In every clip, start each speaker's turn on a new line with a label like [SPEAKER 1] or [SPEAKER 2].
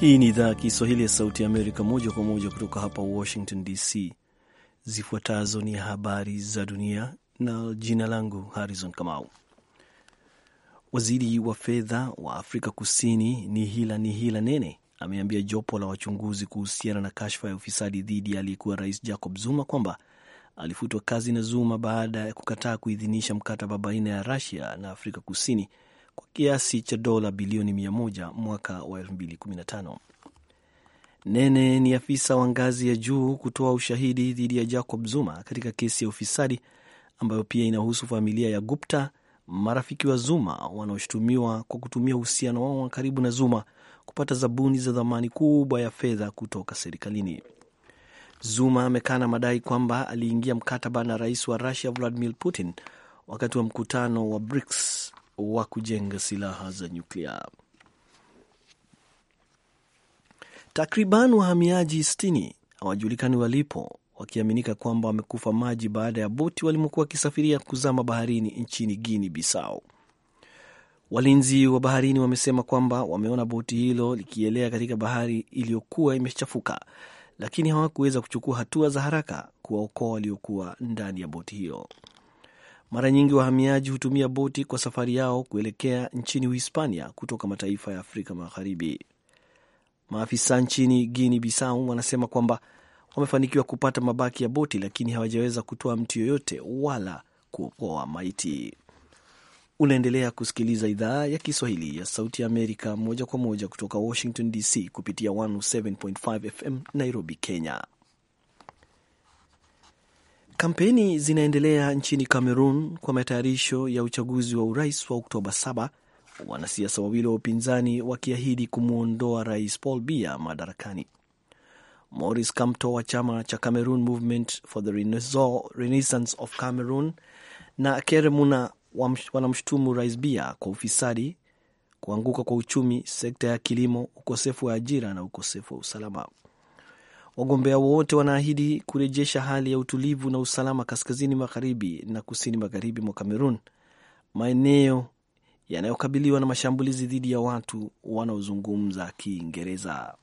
[SPEAKER 1] Hii ni idhaa ya Kiswahili ya Sauti ya Amerika, moja kwa moja kutoka hapa Washington DC. Zifuatazo ni habari za dunia na jina langu Harrison Kamau. Waziri wa fedha wa Afrika Kusini ni hila ni hila nene ameambia jopo la wachunguzi kuhusiana na kashfa ya ufisadi dhidi ya aliyekuwa rais Jacob Zuma kwamba alifutwa kazi na Zuma baada ya kukataa kuidhinisha mkataba baina ya rasia na Afrika Kusini kwa kiasi cha dola bilioni 100 mwaka wa 2015. Nene ni afisa wa ngazi ya juu kutoa ushahidi dhidi ya Jacob Zuma katika kesi ya ufisadi ambayo pia inahusu familia ya Gupta, marafiki wa Zuma wanaoshutumiwa kwa kutumia uhusiano wao wa karibu na Zuma kupata zabuni za dhamani kubwa ya fedha kutoka serikalini. Zuma amekana madai kwamba aliingia mkataba na rais wa rusia Vladimir Putin wakati wa mkutano wa BRICS wa kujenga silaha za nyuklia. Takriban wahamiaji 60 hawajulikani walipo, wakiaminika kwamba wamekufa maji baada ya boti walimokuwa wakisafiria kuzama baharini nchini Guinea Bissau. Walinzi wa baharini wamesema kwamba wameona boti hilo likielea katika bahari iliyokuwa imechafuka, lakini hawakuweza kuchukua hatua za haraka kuwaokoa waliokuwa ndani ya boti hiyo. Mara nyingi wahamiaji hutumia boti kwa safari yao kuelekea nchini Uhispania kutoka mataifa ya Afrika Magharibi. Maafisa nchini Guinea Bissau wanasema kwamba wamefanikiwa kupata mabaki ya boti, lakini hawajaweza kutoa mtu yoyote wala kuokoa maiti. Unaendelea kusikiliza idhaa ya Kiswahili ya Sauti ya Amerika moja kwa moja kutoka Washington DC, kupitia 107.5 FM Nairobi, Kenya. Kampeni zinaendelea nchini Cameroon kwa matayarisho ya uchaguzi wa urais wa Oktoba 7, wanasiasa wawili wa upinzani wakiahidi kumwondoa rais Paul Biya madarakani. Maurice Kamto wa chama cha Cameroon Movement for the Renaissance of Cameroon na Keremuna wanamshutumu rais Biya kwa ufisadi, kuanguka kwa uchumi, sekta ya kilimo, ukosefu wa ajira na ukosefu wa usalama. Wagombea wote wanaahidi kurejesha hali ya utulivu na usalama kaskazini magharibi na kusini magharibi mwa Kamerun, maeneo yanayokabiliwa na mashambulizi dhidi ya watu wanaozungumza Kiingereza.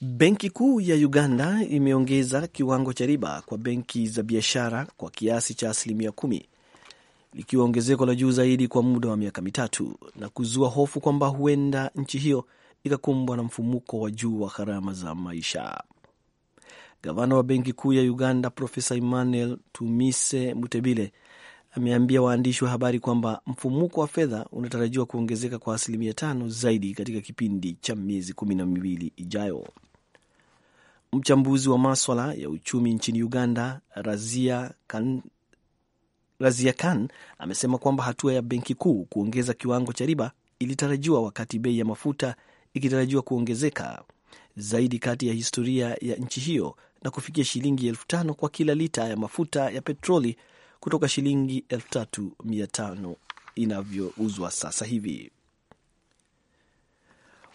[SPEAKER 1] Benki Kuu ya Uganda imeongeza kiwango cha riba kwa benki za biashara kwa kiasi cha asilimia kumi likiwa ongezeko la juu zaidi kwa muda wa miaka mitatu na kuzua hofu kwamba huenda nchi hiyo ikakumbwa na mfumuko wa juu wa gharama za maisha. Gavana wa Benki Kuu ya Uganda Profesa Emmanuel Tumise Mutebile ameambia waandishi wa habari kwamba mfumuko wa fedha unatarajiwa kuongezeka kwa asilimia tano zaidi katika kipindi cha miezi kumi na miwili ijayo. Mchambuzi wa maswala ya uchumi nchini Uganda Razia Kan, Razia Kan amesema kwamba hatua ya benki kuu kuongeza kiwango cha riba ilitarajiwa wakati bei ya mafuta ikitarajiwa kuongezeka zaidi kati ya historia ya nchi hiyo na kufikia shilingi elfu tano kwa kila lita ya mafuta ya petroli kutoka shilingi elfu tatu mia tano inavyouzwa sasa hivi.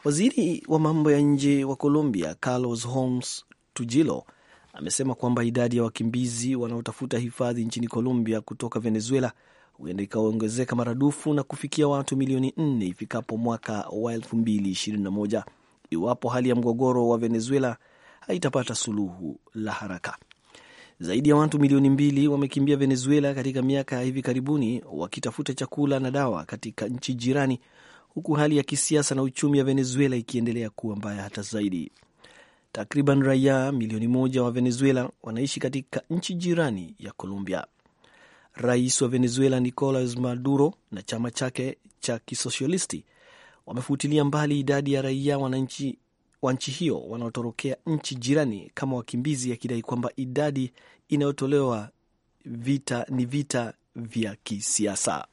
[SPEAKER 1] Waziri wa mambo ya nje wa Colombia Carlos Holmes Tujilo amesema kwamba idadi ya wakimbizi wanaotafuta hifadhi nchini Colombia kutoka Venezuela huenda ikaongezeka maradufu na kufikia watu milioni nne ifikapo mwaka wa moja iwapo hali ya mgogoro wa Venezuela haitapata suluhu la haraka. Zaidi ya watu milioni mbili wamekimbia Venezuela katika miaka ya hivi karibuni wakitafuta chakula na dawa katika nchi jirani, huku hali ya kisiasa na uchumi ya Venezuela ikiendelea kuwa mbaya hata zaidi. Takriban raia milioni moja wa Venezuela wanaishi katika nchi jirani ya Colombia. Rais wa Venezuela Nicolas Maduro na chama chake cha kisosialisti wamefutilia mbali idadi ya raia wananchi wa nchi hiyo wanaotorokea nchi jirani kama wakimbizi, akidai kwamba idadi inayotolewa vita ni vita vya kisiasa.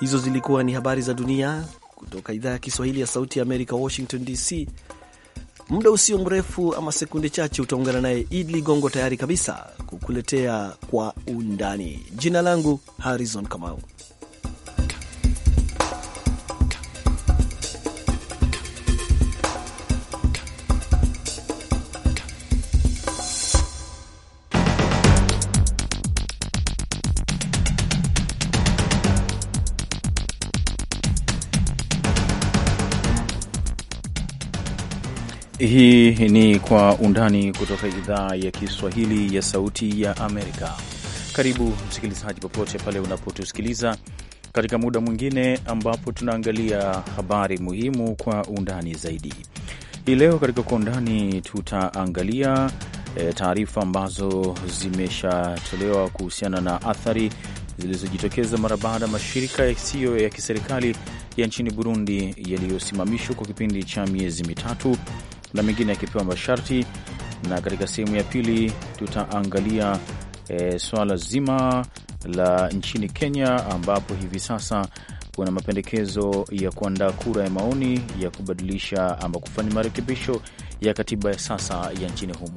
[SPEAKER 1] Hizo zilikuwa ni habari za dunia kutoka idhaa ya Kiswahili ya Sauti ya Amerika, Washington DC. Muda usio mrefu ama sekunde chache utaungana naye Idli Gongo, tayari kabisa kukuletea kwa undani. Jina langu Harrison Kamau.
[SPEAKER 2] Hii ni Kwa Undani kutoka idhaa ya Kiswahili ya Sauti ya Amerika. Karibu msikilizaji, popote pale unapotusikiliza katika muda mwingine ambapo tunaangalia habari muhimu kwa undani zaidi. Hii leo katika Kwa Undani tutaangalia e, taarifa ambazo zimeshatolewa kuhusiana na athari zilizojitokeza mara baada ya mashirika yasiyo ya kiserikali ya nchini Burundi yaliyosimamishwa kwa kipindi cha miezi mitatu na mengine yakipewa masharti, na katika sehemu ya pili tutaangalia e, swala zima la nchini Kenya ambapo hivi sasa kuna mapendekezo ya kuandaa kura ya maoni ya kubadilisha ama kufanya marekebisho ya katiba ya sasa ya nchini humo.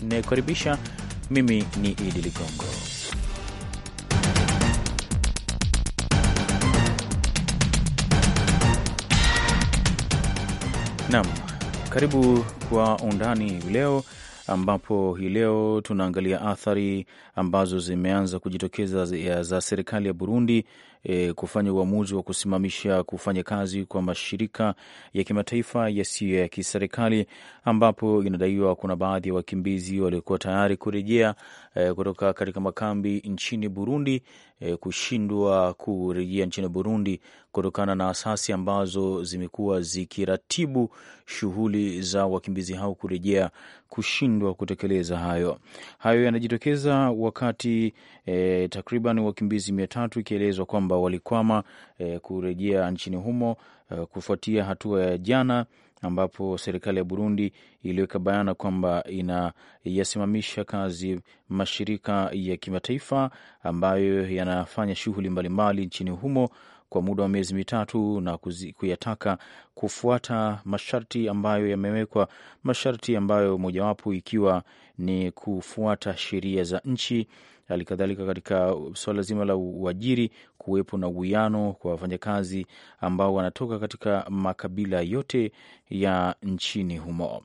[SPEAKER 2] inayokaribisha mimi ni Idi Ligongo. Naam. Karibu kwa undani hii leo ambapo hii leo tunaangalia athari ambazo zimeanza kujitokeza za serikali ya Burundi e, kufanya uamuzi wa kusimamisha kufanya kazi kwa mashirika ya kimataifa yasiyo ya kiserikali, ambapo inadaiwa kuna baadhi ya wa wakimbizi waliokuwa tayari kurejea e, kutoka katika makambi nchini Burundi e, kushindwa kurejea nchini Burundi kutokana na asasi ambazo zimekuwa zikiratibu shughuli za wakimbizi hao kurejea kushindwa kutekeleza hayo. Hayo yanajitokeza wakati e, takriban wakimbizi mia tatu ikielezwa kwamba ambao walikwama e, kurejea nchini humo e, kufuatia hatua ya jana ambapo serikali ya Burundi iliweka bayana kwamba inayasimamisha kazi mashirika ya kimataifa ambayo yanafanya shughuli mbalimbali nchini humo kwa muda wa miezi mitatu na kuyataka kufuata masharti ambayo yamewekwa, masharti ambayo mojawapo ikiwa ni kufuata sheria za nchi hali kadhalika katika suala zima la uajiri, kuwepo na uwiano kwa wafanyakazi ambao wanatoka katika makabila yote ya nchini humo.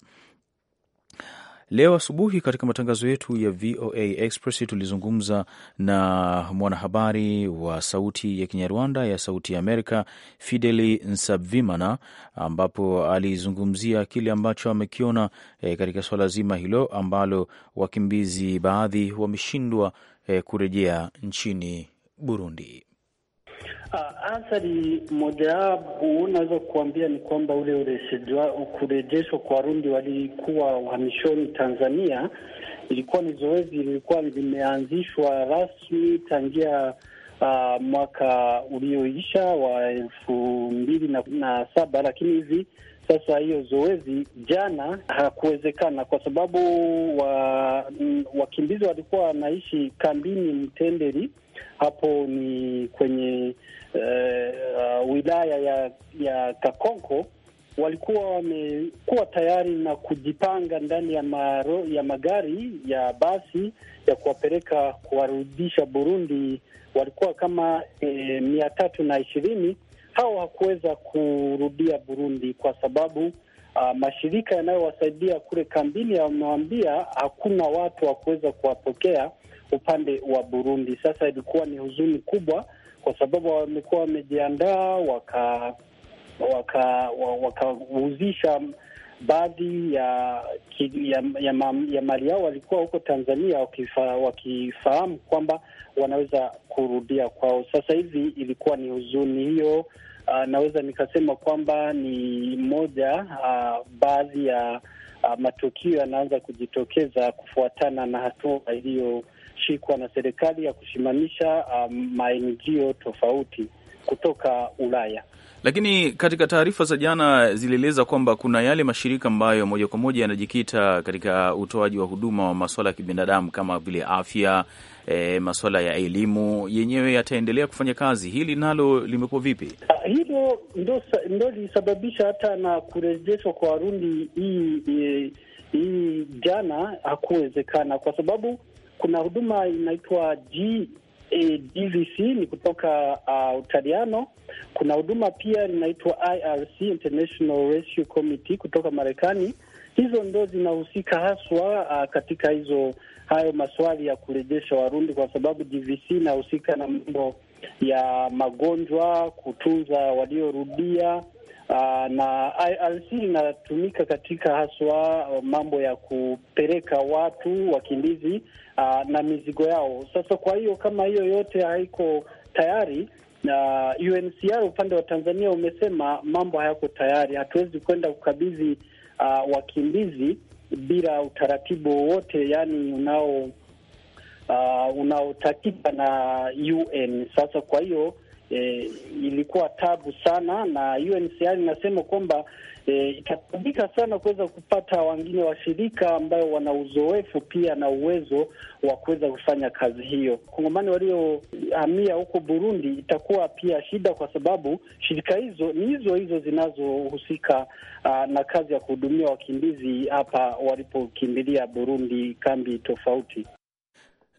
[SPEAKER 2] Leo asubuhi katika matangazo yetu ya VOA Express tulizungumza na mwanahabari wa Sauti ya Kinyarwanda ya Sauti ya Amerika, Fideli Nsabvimana, ambapo alizungumzia kile ambacho amekiona e, katika swala zima hilo ambalo wakimbizi baadhi wameshindwa e, kurejea nchini Burundi.
[SPEAKER 3] Uh, athari mojawapo unaweza kuambia ni kwamba ule kurejeshwa kwa Warundi walikuwa uhamishoni Tanzania ilikuwa ni zoezi lilikuwa limeanzishwa rasmi tangia uh, mwaka ulioisha wa elfu mbili na, na saba, lakini hivi sasa hiyo zoezi jana hakuwezekana kwa sababu wa, m, mm, wakimbizi walikuwa wanaishi kambini Mtendeli hapo ni kwenye eh, uh, wilaya ya ya Kakonko walikuwa wamekuwa tayari na kujipanga ndani ya, maro, ya magari ya basi ya kuwapeleka kuwarudisha Burundi. Walikuwa kama e, mia tatu na ishirini. Hao hakuweza kurudia Burundi kwa sababu a, uh, mashirika yanayowasaidia kule kambini yamewambia hakuna watu wa kuweza kuwapokea upande wa Burundi. Sasa ilikuwa ni huzuni kubwa, kwa sababu wamekuwa wamejiandaa waka waka baadhi ya, ya, ya, ya mali yao walikuwa huko Tanzania wakifa, wakifahamu kwamba wanaweza kurudia kwao. Sasa hivi ilikuwa ni huzuni hiyo. Uh, naweza nikasema kwamba ni moja uh, baadhi ya uh, matukio yanaanza kujitokeza kufuatana na hatua iliyo imeshikwa na serikali ya kusimamisha um, maengio tofauti kutoka Ulaya.
[SPEAKER 2] Lakini katika taarifa za jana zilieleza kwamba kuna yale mashirika ambayo moja kwa moja yanajikita katika utoaji wa huduma wa masuala ya kibinadamu kama vile afya, e, masuala ya elimu, yenyewe yataendelea kufanya kazi. Hili nalo limekuwa vipi?
[SPEAKER 3] Ah, hilo ndo lilisababisha hata na kurejeshwa kwa Warundi hii hii jana hakuwezekana, kwa sababu kuna huduma inaitwa G, eh, ni kutoka uh, Utaliano. Kuna huduma pia inaitwa IRC, International Rescue Committee kutoka Marekani. Hizo ndo zinahusika haswa uh, katika hizo hayo maswali ya kurejesha Warundi, kwa sababu DVC inahusika na mambo ya magonjwa, kutunza waliorudia Ah, na IRC inatumika katika haswa uh, mambo ya kupeleka watu wakimbizi uh, na mizigo yao. Sasa kwa hiyo kama hiyo yote haiko tayari na uh, UNHCR upande wa Tanzania umesema mambo hayako tayari, hatuwezi kwenda kukabidhi uh, wakimbizi bila utaratibu wowote, yani unao uh, unaotakika na UN. Sasa kwa hiyo e, ilikuwa tabu sana, na UNHCR inasema kwamba e, itatabika sana kuweza kupata wengine washirika ambayo wana uzoefu pia na uwezo wa kuweza kufanya kazi hiyo. Wakongomani waliohamia huko Burundi itakuwa pia shida, kwa sababu shirika hizo ni hizo hizo zinazohusika ah, na kazi ya kuhudumia wakimbizi hapa walipokimbilia Burundi, kambi tofauti.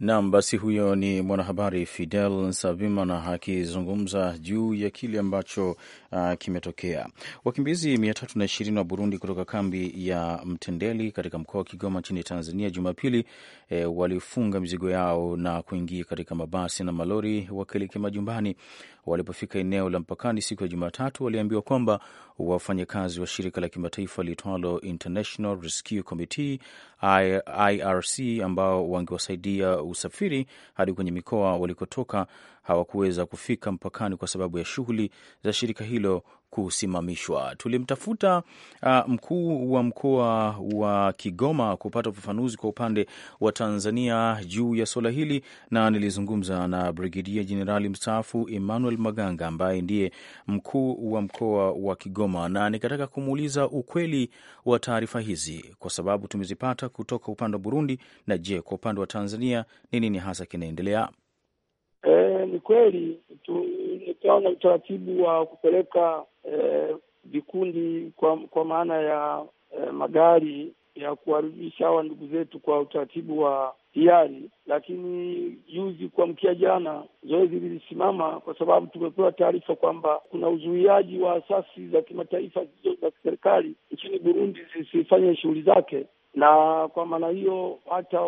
[SPEAKER 2] Naam, basi huyo ni mwanahabari Fidel Savimana akizungumza juu ya kile ambacho uh, kimetokea. Wakimbizi mia tatu na ishirini wa Burundi kutoka kambi ya Mtendeli katika mkoa wa Kigoma nchini Tanzania Jumapili eh, walifunga mizigo yao na kuingia katika mabasi na malori wakielekea majumbani. Walipofika eneo la mpakani siku ya Jumatatu, waliambiwa kwamba wafanyakazi wa shirika la kimataifa liitwalo International Rescue Committee IRC ambao wangewasaidia usafiri hadi kwenye mikoa walikotoka hawakuweza kufika mpakani kwa sababu ya shughuli za shirika hilo kusimamishwa. Tulimtafuta uh, mkuu wa mkoa wa Kigoma kupata ufafanuzi kwa upande wa Tanzania juu ya suala hili, na nilizungumza na Brigedia Jenerali mstaafu Emmanuel Maganga ambaye ndiye mkuu wa mkoa wa Kigoma, na nikataka kumuuliza ukweli wa taarifa hizi kwa sababu tumezipata kutoka upande wa Burundi. Na je, kwa upande wa Tanzania ni nini hasa kinaendelea?
[SPEAKER 4] E, ni kweli nitaona utaratibu wa kupeleka eh, vikundi e, kwa, kwa maana ya e, magari ya kuwarudisha hawa ndugu zetu kwa utaratibu wa hiari, lakini juzi kuamkia jana zoezi lilisimama kwa sababu tumepewa taarifa kwamba kuna uzuiaji wa asasi za kimataifa zisizo za kiserikali nchini Burundi zisifanye shughuli zake, na kwa maana hiyo hata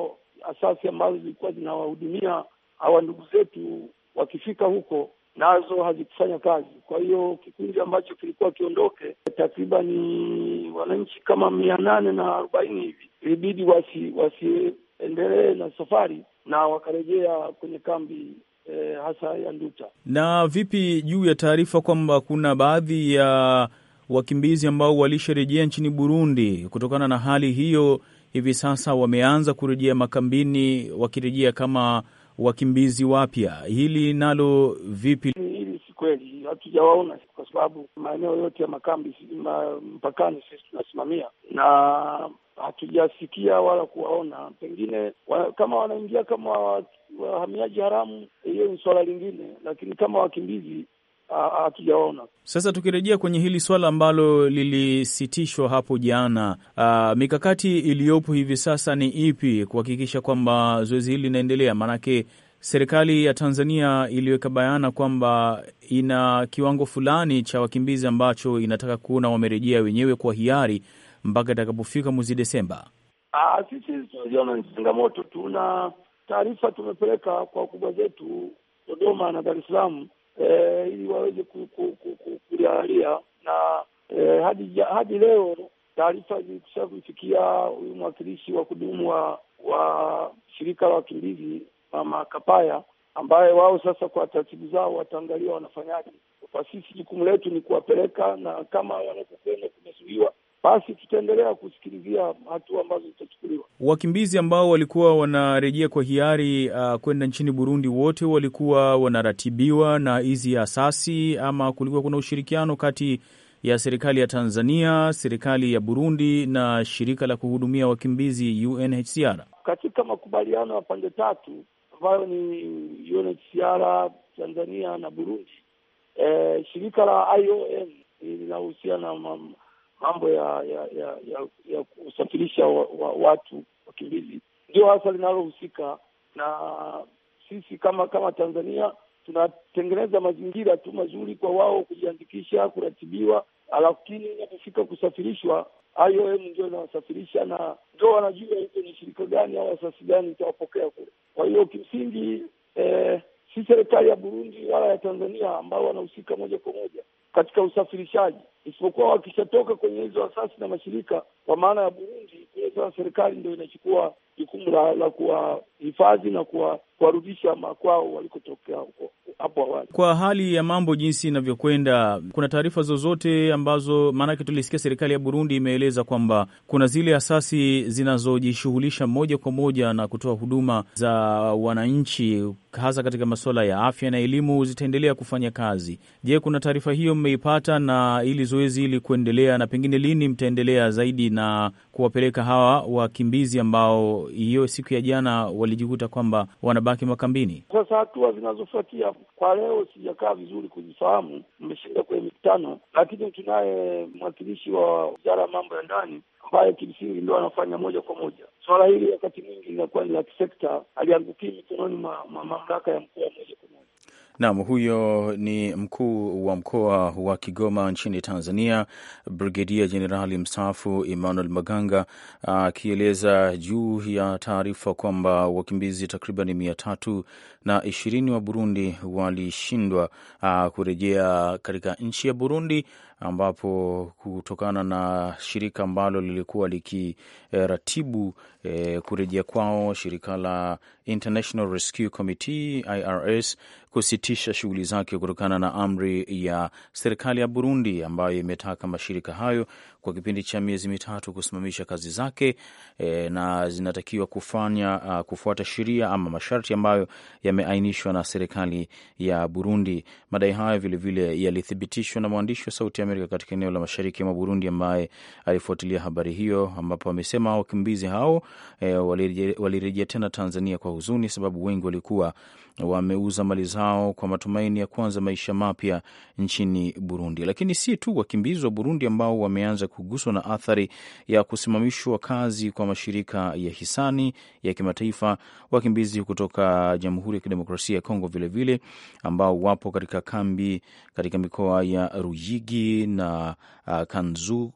[SPEAKER 4] asasi ambazo zilikuwa zinawahudumia hawa ndugu zetu wakifika huko nazo hazikufanya kazi. Kwa hiyo kikundi ambacho kilikuwa kiondoke, takriban wananchi kama mia nane na arobaini hivi ilibidi wasi wasiendelee na safari na wakarejea kwenye kambi e, hasa ya Nduta.
[SPEAKER 2] Na vipi juu ya taarifa kwamba kuna baadhi ya wakimbizi ambao walisharejea nchini Burundi kutokana na hali hiyo, hivi sasa wameanza kurejea makambini wakirejea kama wakimbizi wapya. Hili nalo vipi?
[SPEAKER 4] Hili si kweli, hatujawaona kwa sababu maeneo yote ya makambi ma, mpakani sisi tunasimamia na hatujasikia wala kuwaona. Pengine wa, kama wanaingia kama wahamiaji haramu, hiyo ni suala lingine, lakini kama wakimbizi hatujaona.
[SPEAKER 2] Sasa tukirejea kwenye hili swala ambalo lilisitishwa hapo jana, uh, mikakati iliyopo hivi sasa ni ipi kuhakikisha kwamba zoezi hili linaendelea? Maanake serikali ya Tanzania iliweka bayana kwamba ina kiwango fulani cha wakimbizi ambacho inataka kuona wamerejea wenyewe kwa hiari mpaka itakapofika mwezi Desemba. Ah,
[SPEAKER 4] sisi tunaliona ni changamoto tu, na taarifa tumepeleka kwa wakubwa zetu Dodoma na Dar es Salaam eh, ili waweze kuliangalia na eh, hadi, hadi leo taarifa zilikisha kumfikia huyu mwakilishi wa kudumu wa wa shirika la wakimbizi Mama Kapaya, ambaye wao sasa kwa taratibu zao wataangalia wanafanyaje. Kwa sisi jukumu letu ni kuwapeleka, na kama wanapokwenda kumezuiwa basi tutaendelea kusikilizia hatua ambazo zitachukuliwa.
[SPEAKER 2] Wakimbizi ambao walikuwa wanarejea kwa hiari uh, kwenda nchini Burundi, wote walikuwa wanaratibiwa na hizi asasi ama kulikuwa kuna ushirikiano kati ya serikali ya Tanzania, serikali ya Burundi na shirika la kuhudumia wakimbizi UNHCR?
[SPEAKER 4] Katika makubaliano ya pande tatu ambayo ni UNHCR, Tanzania na Burundi, e, shirika la IOM linahusiana na mambo ya ya ya, ya, ya kusafirisha wa, wa, watu wakimbizi ndio hasa linalohusika na sisi kama kama Tanzania tunatengeneza mazingira tu mazuri kwa wao kujiandikisha, kuratibiwa, lakini inapofika kusafirishwa, IOM ndio inawasafirisha na ndio wanajua hizo ni shirika gani au asasi gani itawapokea kule. Kwa hiyo kimsingi, eh, si serikali ya Burundi wala ya Tanzania ambao wanahusika moja kwa moja, katika usafirishaji, isipokuwa wakishatoka kwenye hizo asasi na mashirika, kwa maana ya Burundi kule, sasa serikali ndio inachukua jukumu la, la kuwahifadhi na kuwarudisha makwao walikotokea huko hapo awali.
[SPEAKER 2] Kwa hali ya mambo jinsi inavyokwenda, kuna taarifa zozote ambazo, maanake tulisikia serikali ya Burundi imeeleza kwamba kuna zile asasi zinazojishughulisha moja kwa moja na kutoa huduma za wananchi hasa katika masuala ya afya na elimu zitaendelea kufanya kazi. Je, kuna taarifa hiyo mmeipata, na ili zoezi ili kuendelea, na pengine lini mtaendelea zaidi na kuwapeleka hawa wakimbizi ambao hiyo siku ya jana walijikuta kwamba wanabaki makambini?
[SPEAKER 4] Sasa hatua zinazofuatia kwa leo sijakaa vizuri kuzifahamu, mmeshinda kwenye mikutano, lakini tunaye mwakilishi wa wizara ya mambo ya ndani ambayo kimsingi ndio anafanya moja kwa moja. Swala hili wakati mwingi linakuwa ni la kisekta, aliangukia mikononi mwa mamlaka ya mkoa mmoja
[SPEAKER 2] Naam, huyo ni mkuu wa mkoa wa Kigoma nchini Tanzania, Brigedia Jenerali mstaafu Emmanuel Maganga akieleza juu ya taarifa kwamba wakimbizi takriban mia tatu na ishirini wa Burundi walishindwa ah, kurejea katika nchi ya Burundi, ambapo kutokana na shirika ambalo lilikuwa likiratibu e, kurejea kwao, shirika la International Rescue Committee IRS kusitisha shughuli zake kutokana na amri ya serikali ya Burundi ambayo imetaka mashirika hayo kwa kipindi cha miezi mitatu kusimamisha kazi zake e, na zinatakiwa kufanya uh, kufuata sheria ama masharti ambayo yameainishwa na serikali ya Burundi. Madai hayo vilevile yalithibitishwa na mwandishi wa Sauti ya Amerika katika eneo la mashariki mwa Burundi ambaye alifuatilia habari hiyo, ambapo amesema wakimbizi hao e, walirejea tena Tanzania kwa huzuni, sababu wengi walikuwa wameuza mali zao kwa matumaini ya kuanza maisha mapya nchini Burundi. Lakini si tu wakimbizi wa Burundi ambao wameanza kuguswa na athari ya kusimamishwa kazi kwa mashirika ya hisani ya kimataifa, wakimbizi kutoka Jamhuri ya Kidemokrasia ya Kongo vilevile vile, ambao wapo katika kambi katika mikoa ya Ruyigi na uh, Kanzu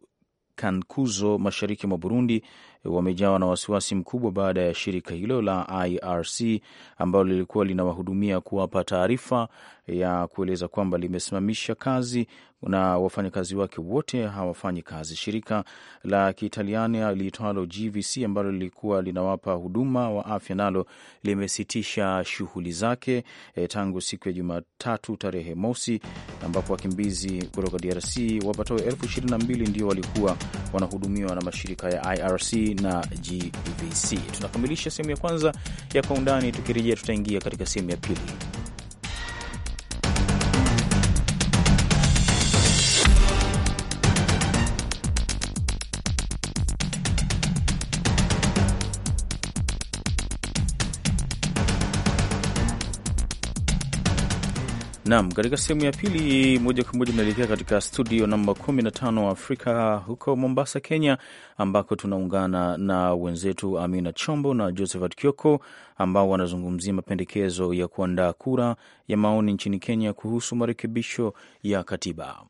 [SPEAKER 2] Kankuzo mashariki mwa Burundi wamejawa na wasiwasi mkubwa baada ya shirika hilo la IRC ambalo lilikuwa linawahudumia kuwapa taarifa ya kueleza kwamba limesimamisha kazi na wafanyakazi wake wote hawafanyi kazi. Shirika la Kiitaliani liitwalo GVC ambalo lilikuwa linawapa huduma wa afya nalo limesitisha shughuli zake e, tangu siku ya Jumatatu tarehe mosi, ambapo wakimbizi kutoka DRC wapatao elfu ishirini na mbili ndio walikuwa wanahudumiwa na mashirika ya IRC na GVC. Tunakamilisha sehemu ya kwanza ya Kwa Undani. Tukirejea tutaingia katika sehemu ya pili. Naam, katika sehemu ya pili moja kwa moja tunaelekea katika studio namba 15 Afrika huko Mombasa, Kenya, ambako tunaungana na wenzetu Amina Chombo na Josephat Kioko ambao wanazungumzia mapendekezo ya kuandaa kura ya maoni nchini Kenya kuhusu marekebisho ya katiba.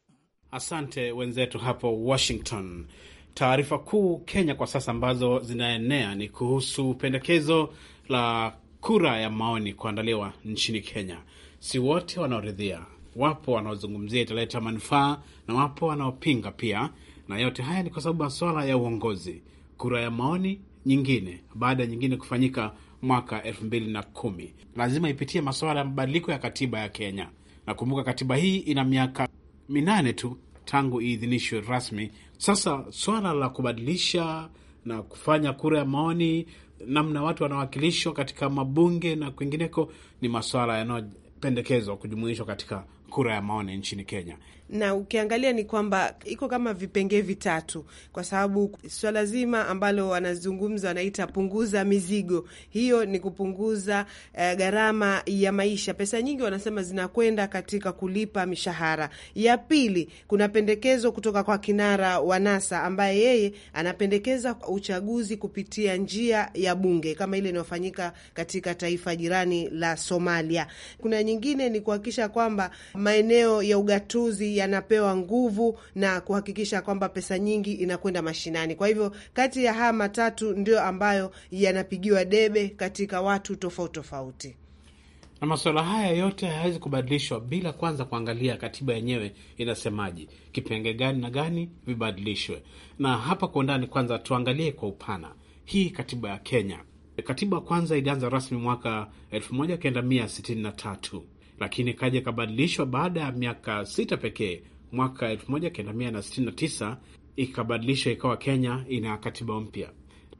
[SPEAKER 5] Asante wenzetu hapo Washington. Taarifa kuu Kenya kwa sasa ambazo zinaenea ni kuhusu pendekezo la kura ya maoni kuandaliwa nchini Kenya si wote wanaoridhia. Wapo wanaozungumzia italeta manufaa na wapo wanaopinga pia, na yote haya ni kwa sababu masuala ya uongozi. Kura ya maoni nyingine baada ya nyingine kufanyika mwaka elfu mbili na kumi lazima ipitie masuala ya mabadiliko ya katiba ya Kenya. Nakumbuka katiba hii ina miaka minane tu tangu iidhinishwe rasmi. Sasa swala la kubadilisha na kufanya kura ya maoni, namna watu wanawakilishwa katika mabunge na kwingineko, ni maswala pendekezo kujumuishwa katika kura ya maoni nchini Kenya.
[SPEAKER 6] Na ukiangalia ni kwamba iko kama vipengee vitatu, kwa sababu swala zima ambalo wanazungumza wanaita punguza mizigo, hiyo ni kupunguza uh, gharama ya maisha. Pesa nyingi wanasema zinakwenda katika kulipa mishahara. Ya pili, kuna pendekezo kutoka kwa kinara wa NASA ambaye yeye anapendekeza uchaguzi kupitia njia ya bunge kama ile inayofanyika katika taifa jirani la Somalia. Kuna nyingine ni kuhakikisha kwamba maeneo ya ugatuzi yanapewa nguvu na kuhakikisha kwamba pesa nyingi inakwenda mashinani. Kwa hivyo kati ya haya matatu ndio ambayo yanapigiwa debe katika watu tofauti tofauti
[SPEAKER 5] na masuala haya yote hayawezi kubadilishwa bila kwanza kuangalia katiba yenyewe inasemaje, kipenge gani na gani vibadilishwe. Na hapa kwa undani, kwanza tuangalie kwa upana hii katiba ya Kenya. Katiba kwanza ilianza rasmi mwaka 1963 lakini kaja ikabadilishwa baada ya miaka sita pekee, mwaka 1969 ikabadilishwa ikawa Kenya ina katiba mpya.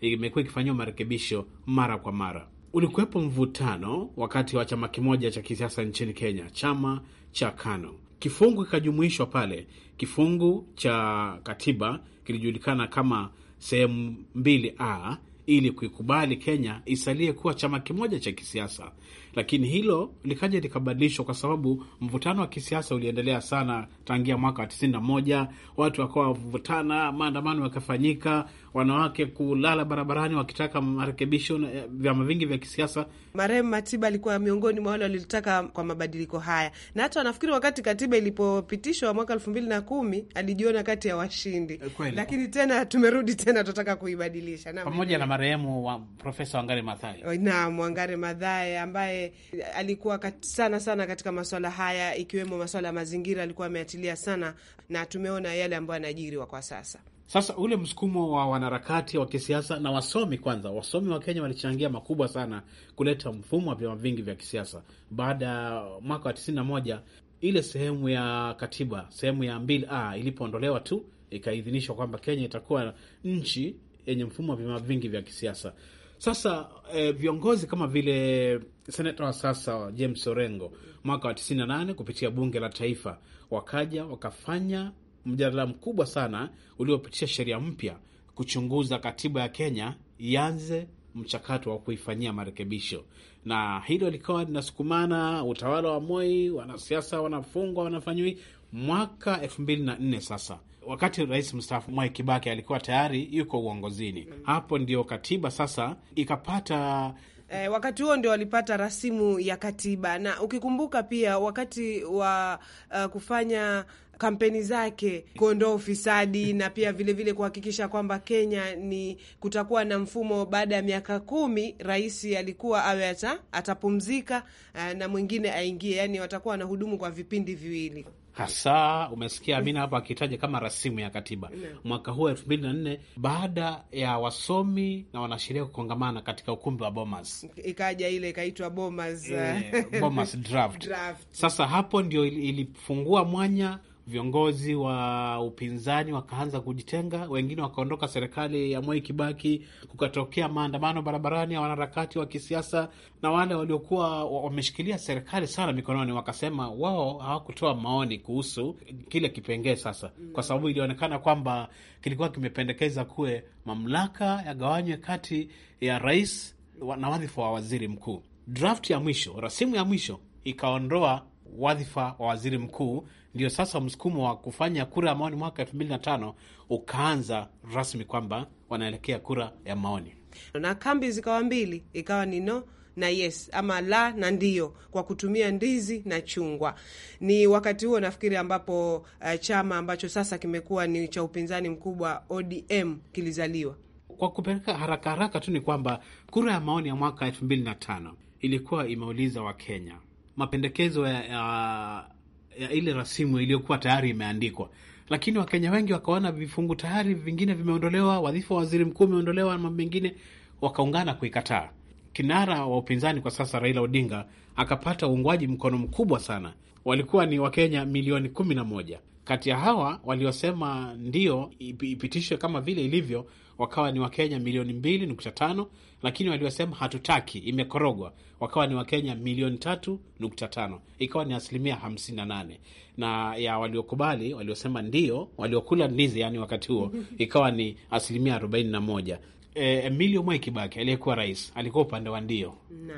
[SPEAKER 5] Imekuwa ikifanyiwa marekebisho mara kwa mara. Ulikuwepo mvutano wakati wa chama kimoja cha kisiasa nchini Kenya, chama cha KANU. Kifungu kikajumuishwa pale, kifungu cha katiba kilijulikana kama sehemu 2 a ili kuikubali Kenya isalie kuwa chama kimoja cha kisiasa, lakini hilo likaja likabadilishwa kwa sababu mvutano wa kisiasa uliendelea sana tangia mwaka wa tisini na moja. Watu wakawa wavutana, maandamano yakafanyika, wanawake kulala barabarani wakitaka marekebisho na eh, vyama vingi vya kisiasa.
[SPEAKER 6] Marehemu Matiba alikuwa miongoni mwa wale walitaka kwa mabadiliko haya, na hata wanafikiri wakati katiba ilipopitishwa mwaka elfu mbili na kumi alijiona kati ya washindi, eh, lakini tena tumerudi tena, tunataka kuibadilisha pamoja na
[SPEAKER 5] marehemu wa Profesa Wangare
[SPEAKER 6] Maathai. Naam, Wangare Maathai ambaye alikuwa kat, sana sana katika maswala haya ikiwemo maswala ya mazingira alikuwa ameatilia sana, na tumeona yale ambayo yanajiriwa kwa sasa.
[SPEAKER 5] Sasa ule msukumo wa wanaharakati wa kisiasa na wasomi, kwanza wasomi wa Kenya walichangia makubwa sana kuleta mfumo wa vyama vingi vya kisiasa baada ya mwaka wa tisini na moja ile sehemu ya katiba sehemu ya mbili a ilipoondolewa tu, ikaidhinishwa kwamba Kenya itakuwa nchi yenye mfumo wa vyama vingi vya kisiasa. Sasa e, viongozi kama vile seneta wa sasa James Orengo mwaka wa 98 kupitia bunge la taifa wakaja wakafanya mjadala mkubwa sana uliopitisha sheria mpya kuchunguza katiba ya Kenya ianze mchakato wa kuifanyia marekebisho, na hilo likawa linasukumana utawala wa Moi, wanasiasa wanafungwa, wanafanyiwi mwaka elfu mbili na nne sasa wakati rais mstaafu Mwai Kibaki alikuwa tayari yuko uongozini. Hapo ndio katiba sasa ikapata
[SPEAKER 6] Eh, wakati huo ndio walipata rasimu ya katiba, na ukikumbuka pia wakati wa uh, kufanya kampeni zake kuondoa ufisadi na pia vilevile kuhakikisha kwamba Kenya ni kutakuwa na mfumo baada ya miaka kumi, rais alikuwa awe ata, atapumzika eh, na mwingine aingie, yani watakuwa na hudumu kwa vipindi viwili
[SPEAKER 5] hasa umesikia Amina hapo akitaja kama rasimu ya katiba mwaka huu elfu mbili na nne baada ya wasomi na wanasheria kukongamana katika ukumbi wa Bomas,
[SPEAKER 6] ikaja ile ikaitwa Bomas, e, Bomas draft. Draft.
[SPEAKER 5] Sasa hapo ndio ilifungua mwanya viongozi wa upinzani wakaanza kujitenga, wengine wakaondoka serikali ya Mwai Kibaki, kukatokea maandamano barabarani ya wanaharakati wa kisiasa, na wale waliokuwa wameshikilia serikali sana mikononi wakasema wao hawakutoa maoni kuhusu kile kipengee sasa, kwa sababu ilionekana kwamba kilikuwa kimependekeza kuwe mamlaka yagawanywe kati ya rais na wadhifa wa waziri mkuu. Draft ya mwisho, rasimu ya mwisho ikaondoa wadhifa wa waziri mkuu ndio sasa msukumo wa kufanya kura ya maoni mwaka elfu mbili na tano
[SPEAKER 6] ukaanza rasmi kwamba wanaelekea kura ya maoni, na kambi zikawa mbili, ikawa ni no na yes ama la na ndio, kwa kutumia ndizi na chungwa. Ni wakati huo nafikiri ambapo uh, chama ambacho sasa kimekuwa ni cha upinzani mkubwa ODM kilizaliwa.
[SPEAKER 5] Kwa kupeleka haraka haraka tu ni kwamba kura ya maoni ya mwaka elfu mbili na tano ilikuwa imeuliza Wakenya mapendekezo ya uh, ile rasimu iliyokuwa tayari imeandikwa, lakini Wakenya wengi wakaona vifungu tayari vingine vimeondolewa, wadhifa wa waziri mkuu umeondolewa, mambo mengine wakaungana kuikataa. Kinara wa upinzani kwa sasa Raila Odinga akapata uungwaji mkono mkubwa sana, walikuwa ni Wakenya milioni kumi na moja. Kati ya hawa waliosema ndio ipitishwe kama vile ilivyo wakawa ni Wakenya milioni mbili nukta tano lakini waliosema hatutaki imekorogwa wakawa ni Wakenya milioni tatu nukta tano ikawa ni asilimia hamsini na nane na ya waliokubali waliosema ndio waliokula ndizi yani wakati huo ikawa ni asilimia arobaini na moja. Eh, Emilio Mwai Kibaki aliyekuwa rais alikuwa upande wa ndio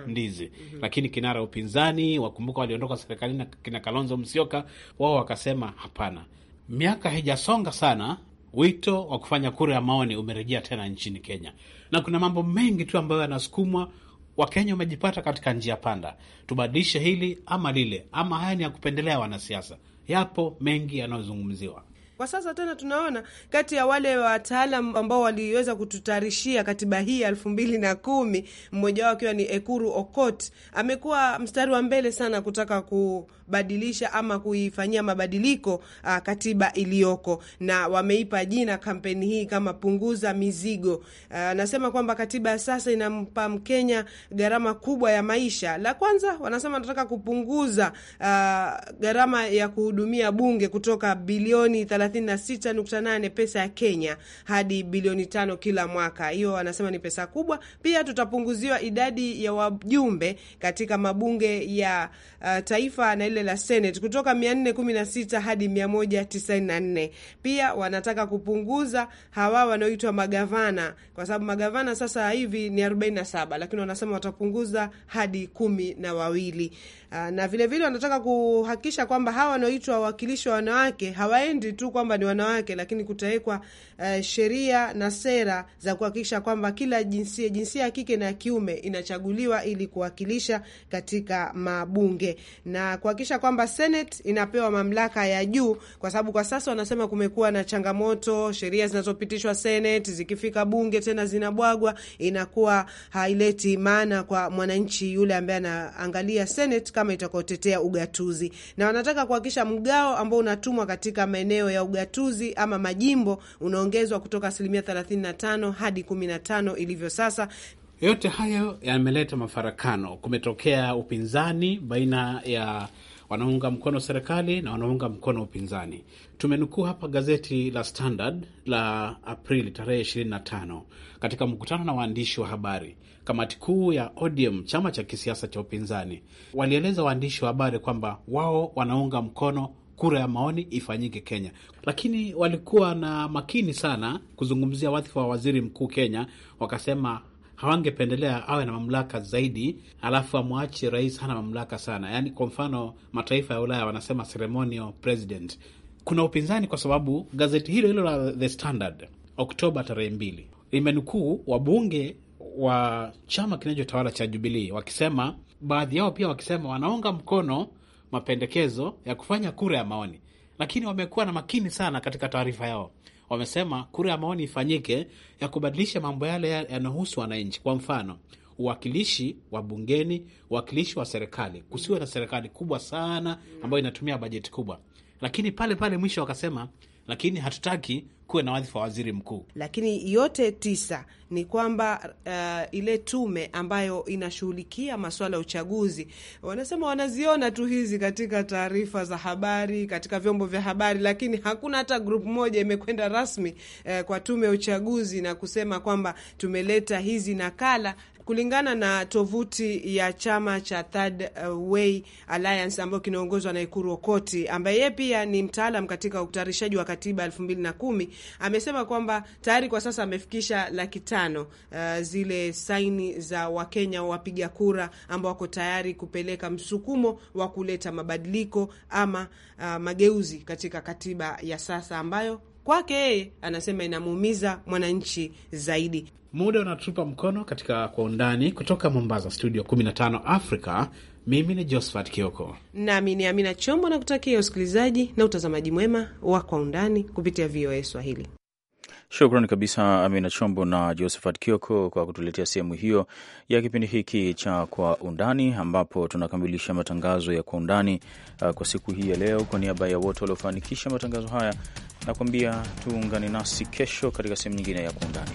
[SPEAKER 5] ndizi mm -hmm. Lakini kinara upinzani wakumbuka, waliondoka serikalini kina Kalonzo Musyoka, wao wakasema hapana. Miaka haijasonga sana wito wa kufanya kura ya maoni umerejea tena nchini Kenya, na kuna mambo mengi tu ambayo yanasukumwa Wakenya wamejipata katika njia panda, tubadilishe hili ama lile ama haya ni ya kupendelea wanasiasa. Yapo mengi yanayozungumziwa.
[SPEAKER 6] Kwa sasa tena tunaona kati ya wale wataalam ambao waliweza kututarishia katiba hii ya elfu mbili na kumi, mmoja wao akiwa ni Ekuru Okot, amekuwa mstari wa mbele sana kutaka kubadilisha ama kuifanyia mabadiliko a, ah, katiba iliyoko, na wameipa jina kampeni hii kama punguza mizigo. Ah, anasema kwamba katiba ya sasa inampa Mkenya gharama kubwa ya maisha. La kwanza wanasema wanataka kupunguza ah, gharama ya kuhudumia bunge kutoka bilioni 30 36.8 pesa ya Kenya hadi bilioni tano kila mwaka. Hiyo wanasema ni pesa kubwa. Pia tutapunguziwa idadi ya wajumbe katika mabunge ya uh, taifa na ile la Senate kutoka 416 hadi 194. Pia wanataka kupunguza hawa wanaoitwa magavana, kwa sababu magavana sasa hivi ni 47, lakini wanasema watapunguza hadi kumi na wawili. Uh, na vilevile wanataka kuhakikisha kwamba hawa wanaoitwa wawakilishi wa wanawake hawaendi tu kwamba ni wanawake, lakini kutawekwa uh, sheria na sera za kuhakikisha kwamba kila jinsia, jinsia ya kike na kiume inachaguliwa ili kuwakilisha katika mabunge na kuhakikisha kwamba Senate inapewa mamlaka ya juu, kwa sababu kwa sasa wanasema kumekuwa na changamoto, sheria zinazopitishwa Senate zikifika bunge tena zinabwagwa, inakuwa haileti maana kwa mwananchi yule ambaye anaangalia Senate kama itakotetea ugatuzi, na wanataka kuhakikisha mgao ambao unatumwa katika maeneo ya ugatuzi ama majimbo unaongezwa kutoka asilimia 35 hadi 15 ilivyo sasa. Yote hayo
[SPEAKER 5] yameleta mafarakano. Kumetokea upinzani baina ya wanaunga mkono serikali na wanaunga mkono upinzani. Tumenukuu hapa gazeti la Standard la Aprili tarehe 25, katika mkutano na waandishi wa habari, kamati kuu ya ODM, chama cha kisiasa cha upinzani, walieleza waandishi wa habari kwamba wao wanaunga mkono kura ya maoni ifanyike Kenya, lakini walikuwa na makini sana kuzungumzia wadhifa wa waziri mkuu Kenya, wakasema hawangependelea awe na mamlaka zaidi, alafu amwache rais hana mamlaka sana. Yaani, kwa mfano mataifa ya Ulaya wanasema ceremonial president. Kuna upinzani kwa sababu gazeti hilo hilo la The Standard Oktoba tarehe mbili limenukuu wabunge wa chama kinachotawala cha Jubilii wakisema, baadhi yao pia wakisema wanaunga mkono mapendekezo ya kufanya kura ya maoni, lakini wamekuwa na makini sana katika taarifa yao. Wamesema kura ya maoni ifanyike ya kubadilisha mambo yale yanayohusu wananchi, kwa mfano uwakilishi wa bungeni, uwakilishi wa serikali. Kusiwe na serikali kubwa sana ambayo inatumia bajeti kubwa, lakini pale pale mwisho wakasema, lakini hatutaki kuwe na wadhifa wa waziri mkuu.
[SPEAKER 6] Lakini yote tisa ni kwamba uh, ile tume ambayo inashughulikia masuala ya uchaguzi wanasema wanaziona tu hizi katika taarifa za habari, katika vyombo vya habari, lakini hakuna hata grupu moja imekwenda rasmi uh, kwa tume ya uchaguzi na kusema kwamba tumeleta hizi nakala Kulingana na tovuti ya chama cha Third uh, Way Alliance ambayo kinaongozwa na Ikuru Okoti ambaye yeye pia ni mtaalam katika utayarishaji wa katiba elfu mbili na kumi amesema kwamba tayari kwa sasa amefikisha laki tano uh, zile saini za Wakenya wapiga kura ambao wako tayari kupeleka msukumo wa kuleta mabadiliko ama uh, mageuzi katika katiba ya sasa ambayo kwake yeye anasema inamuumiza mwananchi zaidi.
[SPEAKER 5] Muda unatupa mkono katika Kwa Undani kutoka Mombasa, studio 15 Africa. Mimi ni Josphat Kioko
[SPEAKER 6] nami ni Amina Chombo, na kutakia usikilizaji na utazamaji mwema wa Kwa Undani kupitia VOA Swahili.
[SPEAKER 2] Shukran kabisa Amina Chombo na Josephat Kioko kwa kutuletea sehemu hiyo ya kipindi hiki cha Kwa Undani, ambapo tunakamilisha matangazo ya Kwa Undani uh, kwa siku hii ya leo. Kwa niaba ya wote waliofanikisha matangazo haya, nakuambia tuungane nasi kesho katika sehemu nyingine ya Kwa Undani.